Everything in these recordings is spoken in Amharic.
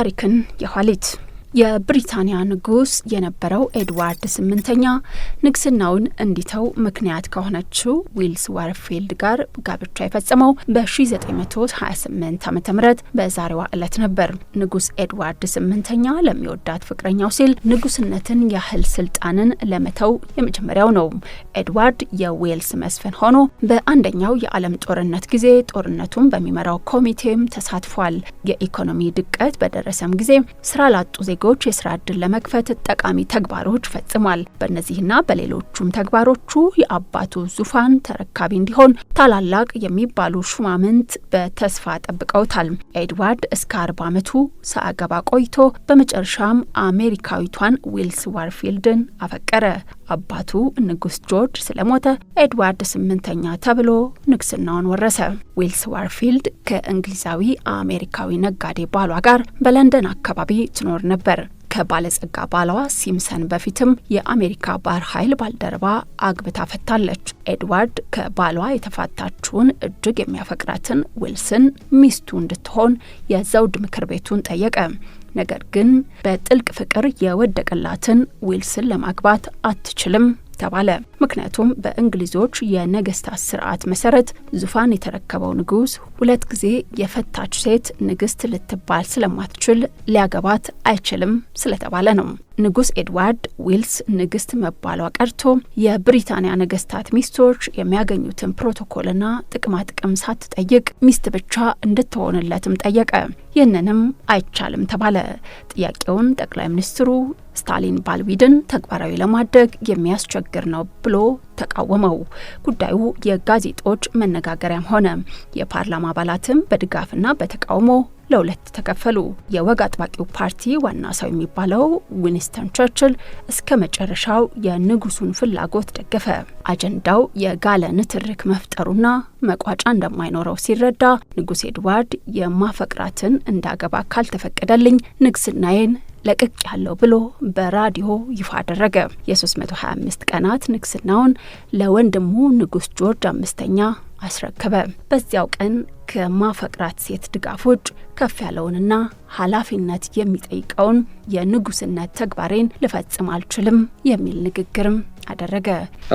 ታሪክን የኋሊት የብሪታንያ ንጉስ የነበረው ኤድዋርድ ስምንተኛ ንግስናውን እንዲተው ምክንያት ከሆነችው ዊልስ ዋርፊልድ ጋር ጋብቻ የፈጸመው በ1928 ዓ ም በዛሬዋ ዕለት ነበር። ንጉስ ኤድዋርድ ስምንተኛ ለሚወዳት ፍቅረኛው ሲል ንጉስነትን ያህል ስልጣንን ለመተው የመጀመሪያው ነው። ኤድዋርድ የዌልስ መስፍን ሆኖ በአንደኛው የዓለም ጦርነት ጊዜ ጦርነቱን በሚመራው ኮሚቴም ተሳትፏል። የኢኮኖሚ ድቀት በደረሰም ጊዜ ስራ ላጡ ለተፈላጊዎች የስራ እድል ለመክፈት ጠቃሚ ተግባሮች ፈጽሟል። በእነዚህና በሌሎቹም ተግባሮቹ የአባቱ ዙፋን ተረካቢ እንዲሆን ታላላቅ የሚባሉ ሹማምንት በተስፋ ጠብቀውታል። ኤድዋርድ እስከ አርባ ዓመቱ ሳያገባ ቆይቶ በመጨረሻም አሜሪካዊቷን ዊልስ ዋርፊልድን አፈቀረ። አባቱ ንጉስ ጆርጅ ስለሞተ ኤድዋርድ ስምንተኛ ተብሎ ንግስናውን ወረሰ። ዊልስ ዋርፊልድ ከእንግሊዛዊ አሜሪካዊ ነጋዴ ባሏ ጋር በለንደን አካባቢ ትኖር ነበር። ከባለጸጋ ባሏ ሲምሰን በፊትም የአሜሪካ ባህር ኃይል ባልደረባ አግብታ ፈታለች። ኤድዋርድ ከባሏ የተፋታችውን እጅግ የሚያፈቅራትን ዊልስን ሚስቱ እንድትሆን የዘውድ ምክር ቤቱን ጠየቀ። ነገር ግን በጥልቅ ፍቅር የወደቀላትን ዊልስን ለማግባት አትችልም ተባለ። ምክንያቱም በእንግሊዞች የነገስታት ስርዓት መሰረት ዙፋን የተረከበው ንጉስ ሁለት ጊዜ የፈታች ሴት ንግስት ልትባል ስለማትችል ሊያገባት አይችልም ስለተባለ ነው። ንጉስ ኤድዋርድ ዊልስ ንግስት መባሏ ቀርቶ የብሪታንያ ነገስታት ሚስቶች የሚያገኙትን ፕሮቶኮልና ጥቅማጥቅም ሳትጠይቅ ሚስት ብቻ እንድትሆንለትም ጠየቀ። ይህንንም አይቻልም ተባለ። ጥያቄውን ጠቅላይ ሚኒስትሩ ስታሊን ባልዊድን ተግባራዊ ለማድረግ የሚያስቸግር ነው ብሎ ተቃወመው። ጉዳዩ የጋዜጦች መነጋገሪያም ሆነ። የፓርላማ አባላትም በድጋፍና በተቃውሞ ለሁለት ተከፈሉ። የወግ አጥባቂው ፓርቲ ዋና ሰው የሚባለው ዊንስተን ቸርችል እስከ መጨረሻው የንጉሱን ፍላጎት ደገፈ። አጀንዳው የጋለ ንትርክ መፍጠሩና መቋጫ እንደማይኖረው ሲረዳ ንጉሥ ኤድዋርድ የማፈቅራትን እንዳገባ ካልተፈቀደልኝ ንግስናዬን ለቅቅ ያለው ብሎ በራዲዮ ይፋ አደረገ። የ325 ቀናት ንግስናውን ለወንድሙ ንጉስ ጆርጅ አምስተኛ አስረከበ። በዚያው ቀን ከማፈቅራት ሴት ድጋፎች ከፍ ያለውንና ኃላፊነት የሚጠይቀውን የንጉስነት ተግባሬን ልፈጽም አልችልም የሚል ንግግርም አደረገ። አ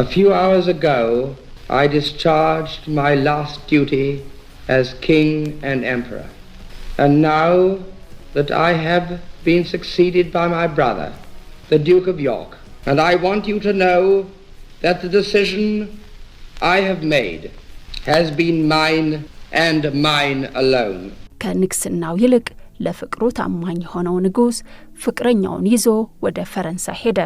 and mine alone። ከንግስናው ይልቅ ለፍቅሩ ታማኝ የሆነው ንጉስ ፍቅረኛውን ይዞ ወደ ፈረንሳይ ሄደ።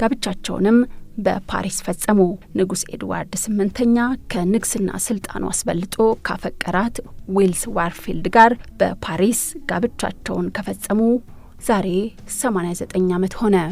ጋብቻቸውንም በፓሪስ ፈጸሙ። ንጉስ ኤድዋርድ ስምንተኛ ከንግስና ስልጣኑ አስበልጦ ካፈቀራት ዊልስ ዋርፊልድ ጋር በፓሪስ ጋብቻቸውን ከፈጸሙ ዛሬ 89 ዓመት ሆነ።